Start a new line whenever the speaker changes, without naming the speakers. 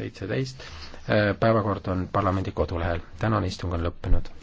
seitseteist.
päevakord on parlamendi kodulehel. tänane istung on lõppenud.